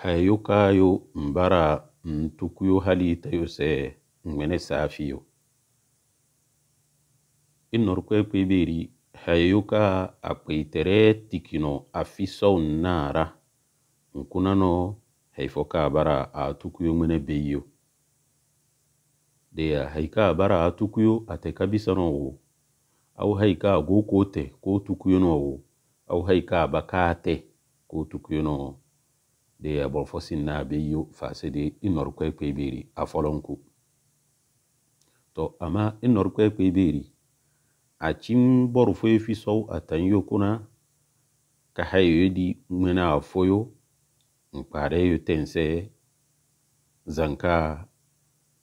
hayo kayo mbara ntukuyo halitayo se ngwene safiyo inorukwe kwibiri hayo ka akwitere tikino afiso nara nkunano haifo ka bara atukuyo ngwene beyo deya haika bara atukuyo ate kabisa no wo au haika go kote ko tukuyo no wo au haika bakate ko tukuyo no wo da ya bor fosin na be yo fase de inor kwe kwe beri a ku to ama inor kwe kwe a cin bor foye fi sau a tan yo kuna ka hayo yi di ngmena a foyo nkpare yo tense zanka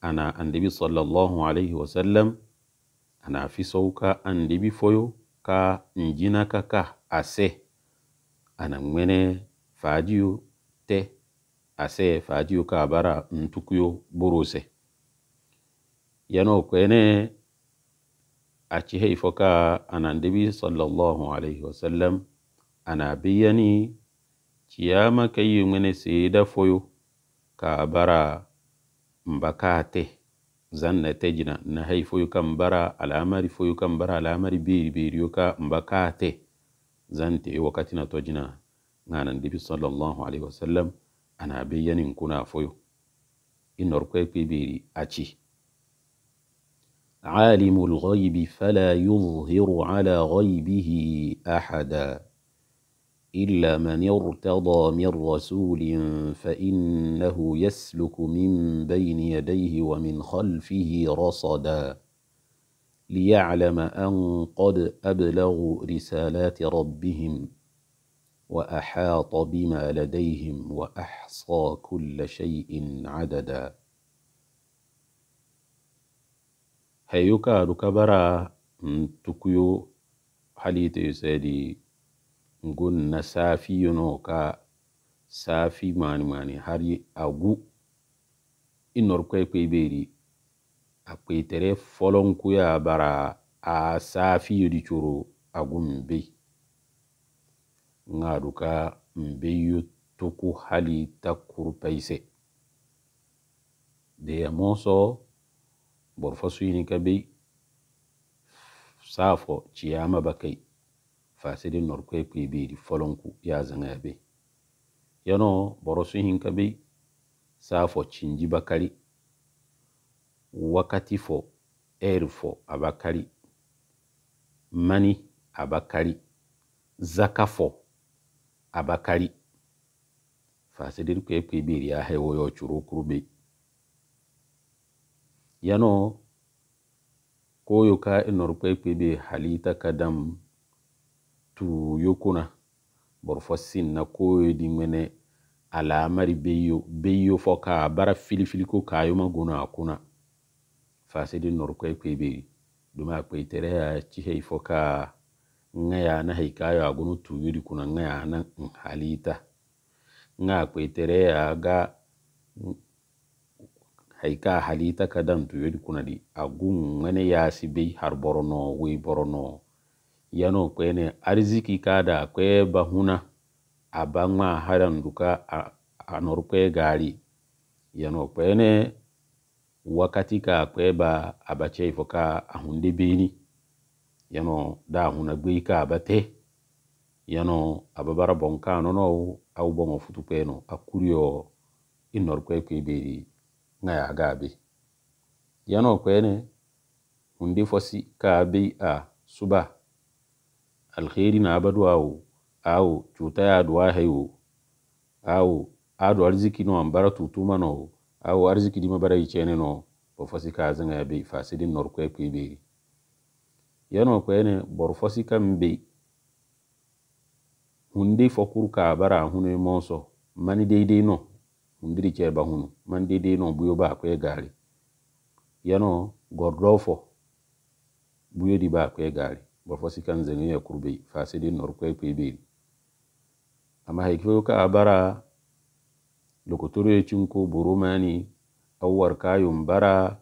ana annabi sallallahu alaihi sallam ana fi sau ka fo foyo ka njina ka ka ase ana ngmene fajiyo te ase Fadio ka bara ntukuyo buruse yano kwene aci hei ifoka anandibi sallallahu alaihi wasallam ana biyani ciyama kayi ŋmene da foyo ka bara mbakate zanna tejina na hei foyo ka mbara alamari foyo ka mbara alamari biri biriyo ka mbakate zante wakati na tojina ngana ndibi sallallahu alaihi wasallam ana be yanin kuna foyo inor kwe kwibiri achi عالم الغيب فلا يظهر على غيبه احدا الا من ارتضى من رسول فانه يسلك من بين يديه ومن خلفه رصدا ليعلم ان قد ابلغوا رسالات ربهم واحاط بما لديهم واحصى كل شيء عددا هيوكا ركبرا تكيو حليتي يسادي نقول نسافي ينوكا سافي ماني ماني هاري أغو إنور كوي كوي بيري أكوي تري فولون كويا برا أسافي يدي شورو أغو مبي ŋaaduka mbeyo toku hali ta kuru paise deya moso borfasuyini ka bei safo ciyama bakai fasidi norkoi e kwebedi folonku yazaŋaya bei yano borosuyin ka bei safo cinji bakali wakati fo eri fo abakali mani abakali zakafo abakari fasidir ku ku bir ya hewo yo churu kurbe yano ko yo ka inor ku ku bi halita kadam tu yukuna bor fasin na ko di mene ala mari beyo beyo foka bara filifili ko kayo maguna akuna fasidir nor ku ku bi duma ku itere ci hey foka nga ya na hikayo agunu tuyuri kuna nga ya na halita nga kwetere ya ga haika halita kadan tuyuri kuna di agun ngane ya sibi harborono borono we borono yano kwene ariziki kada kwe bahuna abangwa haran duka anorkwe gari yano kwene wakati ka kweba abache ifoka ahundibini bini yano dahuna gwei ka abate yano ababara bonka nono au bomo futu peno akurio inor kwe kwe beri ngaya agabe yano kwene hundi fosi ka abe a suba alkhiri na abadu au au chuta ya adu wahayu au adu arziki no ambara tutuma no au arziki dima bara ichene no bofasi kazi ngaya be fasidi norkwe kwe beri yano kwene bor fosi kambe hunde fokur ka bara hunu monso mani deidei no hundiri ba hunu mani deidei no buyo ba kwe gari yano gordofo buyo di ba kwe gari bor fosi kan zenye ya kurbe fasidi nor kwe kwe beri amma haikifo ka bara lokotoro ya cinko boromani awwar kayun bara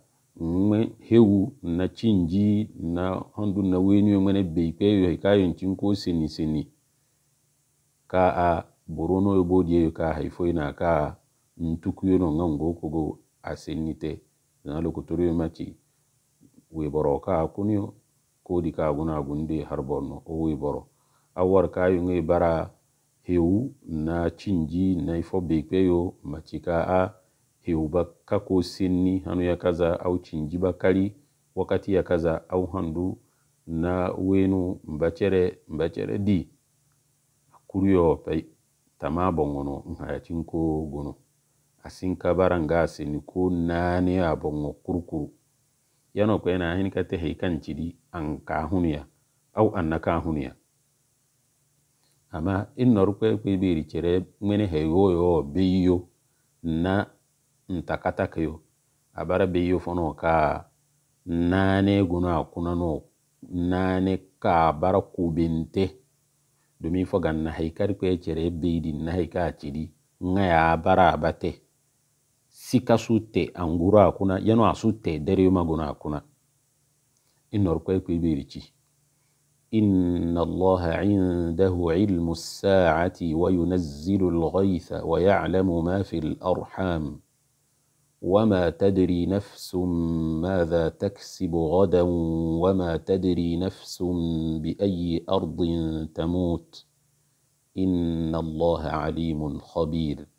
hewu na chinji na hondu na wenyu mwene beipe yo hikayo nchinko seni seni ka a borono yo bodi yo ka haifoi na ka ntuku yo no ngango kogo asenite na lokotoro yo machi we boro ka kunyo kodi ka guna gunde harbono o we boro awar ka yo bara hewu na chinji na ifo beipe yo machi ka a heuba kako senni hanu ya kaza au cinjiba kali wakati ya kaza au handu na wenu mbacere mbacere di akuryo pai tama bongono nhaya cinko gono asinka bara nga seni ko nani a bongo kurukuru yano ko ena hinika te heikan cidi an kahuniya au anna kahuniya ama innorukwe kwibiri cere mene heyoyo beyo na ntakatake yo abara be yo fono ka nane guno akunano nane ka bara kubente domi fo ganna haikari kwe chere e beidi na haika achidi nga ya abara abate sika sute anguro akuna yano asute deri yuma guno akuna inor kwe kwe birichi إن الله عنده علم الساعة وينزل الغيث ويعلم ما في الأرحام وما تدري نفس ماذا تكسب غدا وما تدري نفس باي ارض تموت ان الله عليم خبير